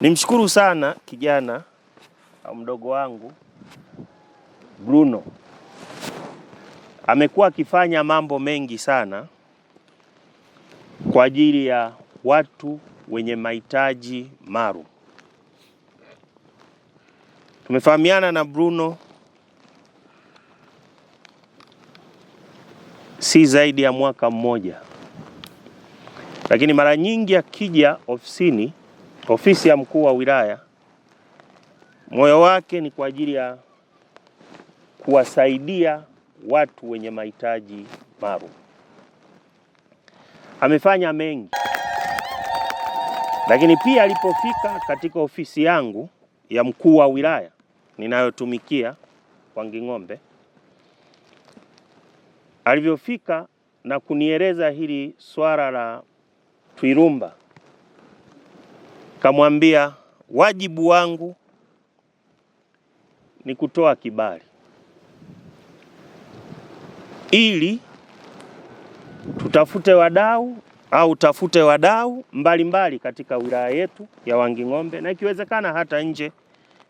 Nimshukuru sana kijana au mdogo wangu Bruno, amekuwa akifanya mambo mengi sana kwa ajili ya watu wenye mahitaji maalum. Tumefahamiana na Bruno si zaidi ya mwaka mmoja, lakini mara nyingi akija ofisini Ofisi ya mkuu wa wilaya moyo wake ni kwa ajili ya kuwasaidia watu wenye mahitaji maalum. Amefanya mengi, lakini pia alipofika katika ofisi yangu ya mkuu wa wilaya ninayotumikia Nging'ombe, alivyofika na kunieleza hili swala la Twirumba kamwambia, wajibu wangu ni kutoa kibali ili tutafute wadau au tafute wadau mbalimbali katika wilaya yetu ya Wanging'ombe na ikiwezekana hata nje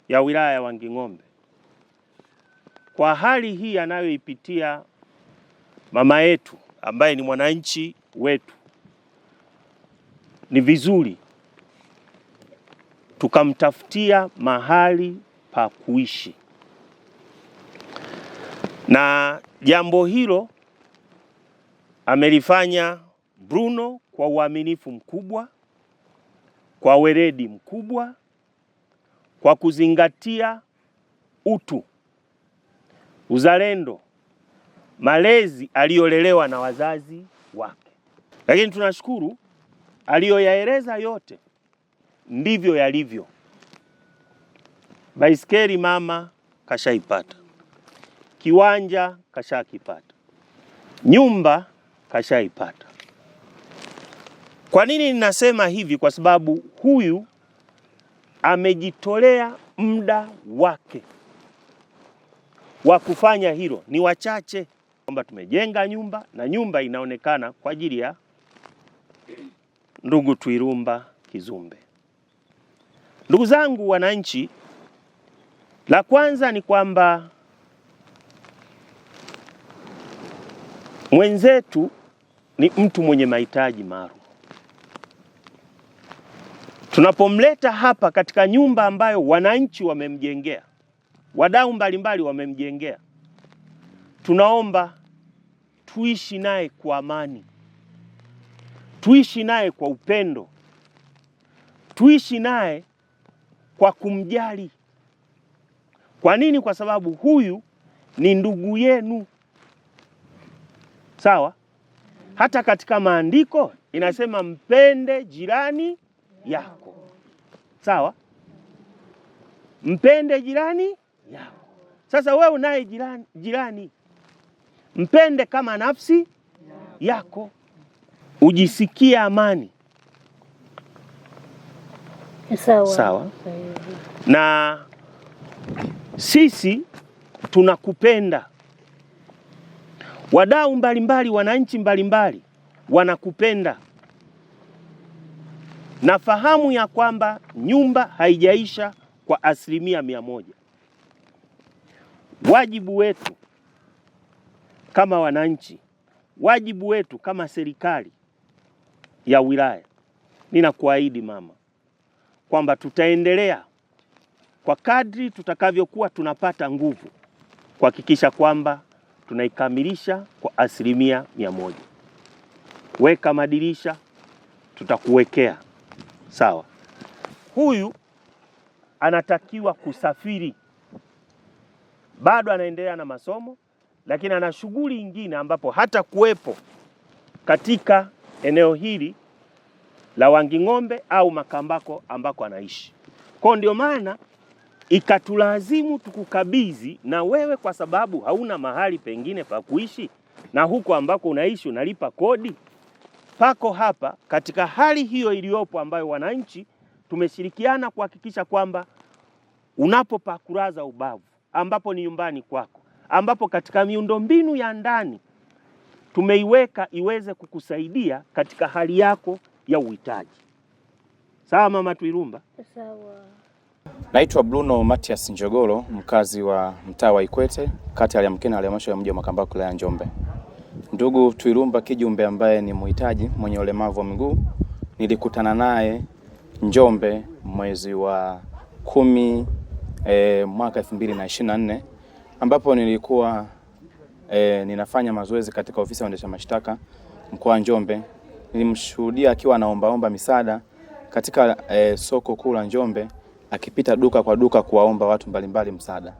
ya wilaya ya Wanging'ombe. Kwa hali hii anayoipitia mama yetu ambaye ni mwananchi wetu, ni vizuri tukamtafutia mahali pa kuishi, na jambo hilo amelifanya Bruno kwa uaminifu mkubwa, kwa weledi mkubwa, kwa kuzingatia utu, uzalendo, malezi aliyolelewa na wazazi wake. Lakini tunashukuru aliyoyaeleza yote ndivyo yalivyo. Baiskeli mama kashaipata, kiwanja kashakipata, nyumba kashaipata. Kwa nini ninasema hivi? Kwa sababu huyu amejitolea muda wake wa kufanya hilo. Ni wachache kwamba tumejenga nyumba na nyumba inaonekana kwa ajili ya ndugu Twirumba Kizumbe. Ndugu zangu wananchi, la kwanza ni kwamba mwenzetu ni mtu mwenye mahitaji maalum. Tunapomleta hapa katika nyumba ambayo wananchi wamemjengea, wadau mbalimbali wamemjengea, tunaomba tuishi naye kwa amani, tuishi naye kwa upendo, tuishi naye kwa kumjali. Kwa nini? Kwa sababu huyu ni ndugu yenu, sawa. Hata katika maandiko inasema mpende jirani yako, sawa. Mpende jirani yako. Sasa wewe unaye jirani, jirani mpende kama nafsi yako, ujisikie amani sawa, sawa. Na sisi tunakupenda, wadau mbalimbali, wananchi mbalimbali wanakupenda. Nafahamu ya kwamba nyumba haijaisha kwa asilimia mia moja. Wajibu wetu kama wananchi, wajibu wetu kama serikali ya wilaya, ninakuahidi mama, kwamba tutaendelea kwa kadri tutakavyokuwa tunapata nguvu kuhakikisha kwamba tunaikamilisha kwa asilimia mia moja. Weka madirisha, tutakuwekea sawa. Huyu anatakiwa kusafiri, bado anaendelea na masomo, lakini ana shughuli nyingine ambapo hata kuwepo katika eneo hili la wangi ng'ombe au Makambako ambako anaishi. Kwa ndio maana ikatulazimu tukukabidhi na wewe, kwa sababu hauna mahali pengine pa kuishi na huko ambako unaishi unalipa kodi pako hapa. Katika hali hiyo iliyopo, ambayo wananchi tumeshirikiana kuhakikisha kwamba unapopakuraza ubavu, ambapo ni nyumbani kwako, ambapo katika miundombinu ya ndani tumeiweka iweze kukusaidia katika hali yako ya uhitaji. Sawa mama Twirumba? Sawa. Naitwa Bruno Matias Njogolo, mkazi wa mtaa wa Ikwete, kati ya Mkena, halmashauri ya mji wa Makambako, ya Njombe. Ndugu Twirumba Kijumbe, ambaye ni muhitaji mwenye ulemavu wa miguu, nilikutana naye Njombe mwezi wa kumi e, mwaka 2024 ambapo nilikuwa e, ninafanya mazoezi katika ofisi ya waendesha mashtaka mkoa wa Njombe Nilimshuhudia akiwa anaombaomba misaada katika e, soko kuu la Njombe akipita duka kwa duka kuwaomba watu mbalimbali msaada.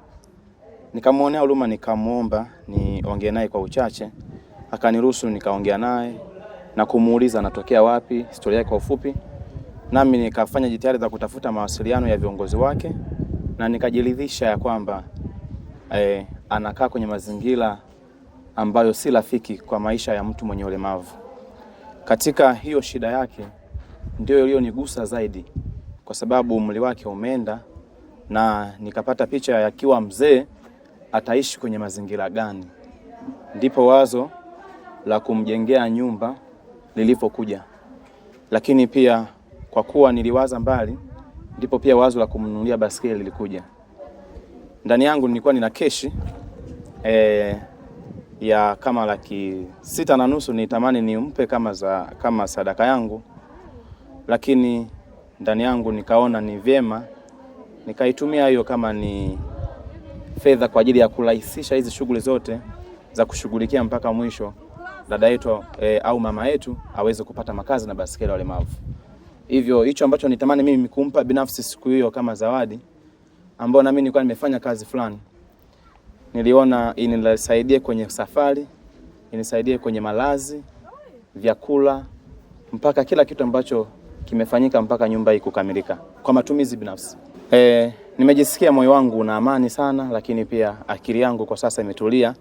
Nikamwonea huruma, nikamwomba niongee naye kwa uchache, akaniruhusu nikaongea naye na kumuuliza anatokea wapi, historia yake kwa ufupi. Nami nikafanya jitihada za kutafuta mawasiliano ya viongozi wake na nikajiridhisha ya kwamba e, anakaa kwenye mazingira ambayo si rafiki kwa maisha ya mtu mwenye ulemavu. Katika hiyo shida yake ndio iliyonigusa zaidi, kwa sababu umri wake umeenda na nikapata picha yakiwa mzee ataishi kwenye mazingira gani. Ndipo wazo la kumjengea nyumba lilipokuja, lakini pia kwa kuwa niliwaza mbali, ndipo pia wazo la kumnunulia baskeli lilikuja ndani yangu. Nilikuwa nina keshi eh, ya kama laki sita na nusu nitamani nimpe kama, za, kama sadaka yangu, lakini ndani yangu nikaona ni vyema nikaitumia hiyo kama ni fedha kwa ajili ya kurahisisha hizi shughuli zote za kushughulikia mpaka mwisho dada yetu e, au mama yetu aweze kupata makazi na basikeli walemavu. Hivyo hicho ambacho nitamani mimi kumpa binafsi siku hiyo kama zawadi, ambayo mimi nilikuwa nimefanya kazi fulani niliona inisaidie kwenye safari, inisaidie kwenye malazi, vyakula, mpaka kila kitu ambacho kimefanyika mpaka nyumba hii kukamilika kwa matumizi binafsi. E, nimejisikia moyo wangu una amani sana, lakini pia akili yangu kwa sasa imetulia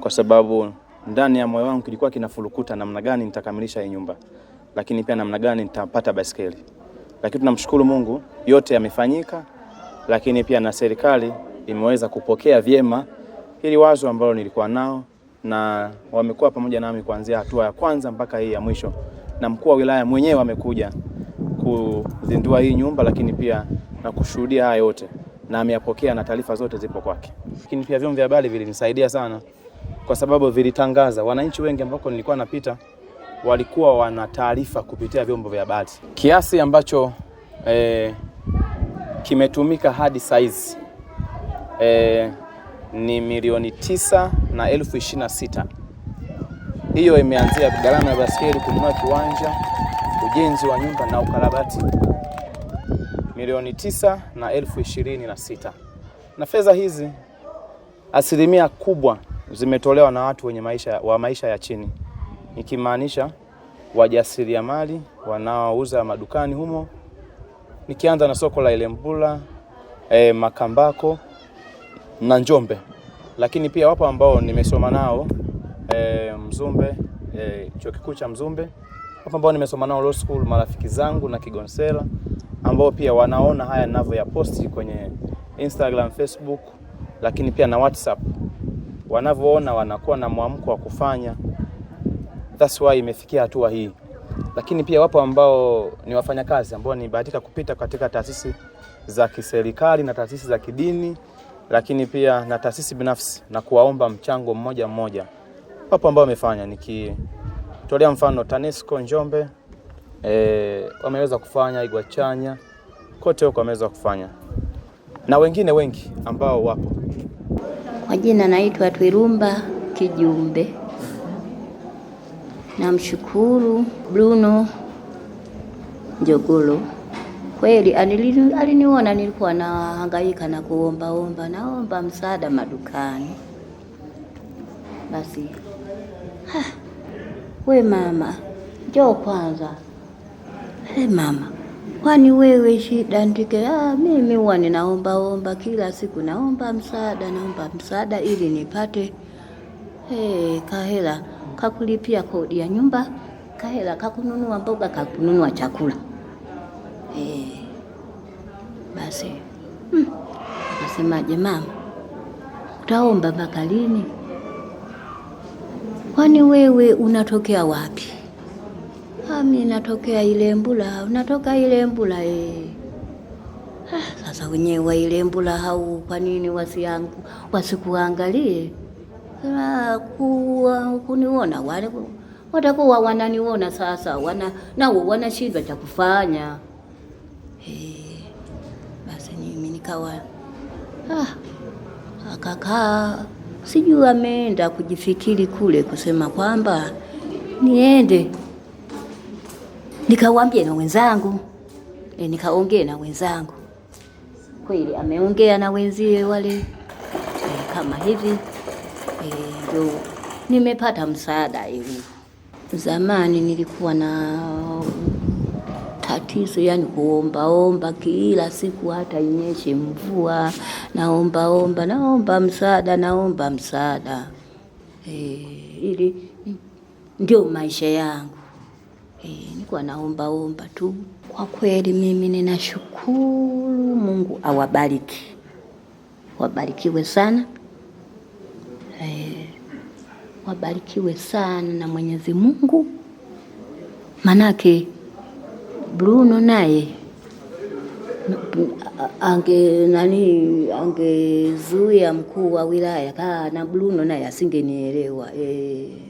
kwa sababu ndani ya moyo wangu kilikuwa kinafurukuta namna gani nitakamilisha hii nyumba, lakini pia namna gani nitapata baiskeli. Lakini tunamshukuru Mungu, yote yamefanyika, lakini pia na serikali imeweza kupokea vyema hili wazo ambalo nilikuwa nao na wamekuwa pamoja nami kuanzia hatua ya kwanza mpaka hii ya mwisho, na mkuu wa wilaya mwenyewe amekuja kuzindua hii nyumba, lakini pia na kushuhudia haya yote na ameyapokea na taarifa zote zipo kwake. Lakini pia vyombo vya habari vilinisaidia sana, kwa sababu vilitangaza. Wananchi wengi ambao nilikuwa napita walikuwa wana taarifa kupitia vyombo vya habari, kiasi ambacho eh, kimetumika hadi saizi e, ni milioni tisa na elfu ishirini na sita. Hiyo imeanzia gharama ya baskeli, kununua kiwanja, ujenzi wa nyumba na ukarabati, milioni tisa na elfu ishirini na sita. Na fedha hizi asilimia kubwa zimetolewa na watu wenye maisha, wa maisha ya chini, nikimaanisha wajasiriamali wanaouza madukani humo, nikianza na soko la Ilembula, eh, Makambako na Njombe, lakini pia wapo ambao nimesoma nao e, Mzumbe e, chuo kikuu cha Mzumbe, wapo ambao nimesoma nao law school, marafiki zangu na kigonsela ambao pia wanaona haya ninavyoyaposti kwenye Instagram, Facebook, lakini pia na WhatsApp, wanavyoona wanakuwa na mwamko wa kufanya. That's why imefikia hatua hii, lakini pia wapo ambao ni wafanyakazi ambao nibahatika kupita katika taasisi za kiserikali na taasisi za kidini lakini pia na taasisi binafsi na kuwaomba mchango mmoja mmoja. Wapo ambao wamefanya, nikitolea mfano TANESCO Njombe e, wameweza kufanya, chanya kote huko wameweza kufanya na wengine wengi ambao wapo. Kwa jina naitwa Twirumba Kijumbe. Namshukuru Bruno Njogolo Kweli ah, aliniona nilikuwa nahangaika na kuombaomba, naomba msaada madukani. Basi ha, we mama, njoo kwanza. Hey mama, kwani wewe shida ndike? Ah, mimi huwa ninaombaomba kila siku, naomba msaada, naomba msaada ili nipate hey, eh, kahela kakulipia kodi ya nyumba, kahela kakununua mboga, kakununua chakula basi hmm, mama, utaomba mpaka lini? Kwani wewe unatokea wapi? Mimi ah, natokea Ilembula. Unatoka Ilembula eh? Ah, sasa wenyewe wa Ilembula hau, kwa nini yangu wasikuangalie ah, kuniona wale watakuwa wananiona sasa, wana nao wana shida cha kufanya eh nikawa ah, akakaa sijui ameenda kujifikiri kule kusema kwamba niende nikawambie na wenzangu e, nikaongea na wenzangu kweli, ameongea na wenzie wale e, kama hivi e, ndio e, nimepata msaada hivi. Zamani nilikuwa na matatizo, yani kuombaomba kila siku, hata inyeshe mvua, naombaomba naomba msaada, naomba msaada e, ili ndio maisha yangu e, eh, nikuwa naombaomba tu. Kwa kweli mimi ninashukuru Mungu, awabariki wabarikiwe sana e, wabarikiwe sana na Mwenyezi Mungu manake Bruno naye ange nani angezuia mkuu wa wilaya kaa na Bruno naye asingenielewa eh.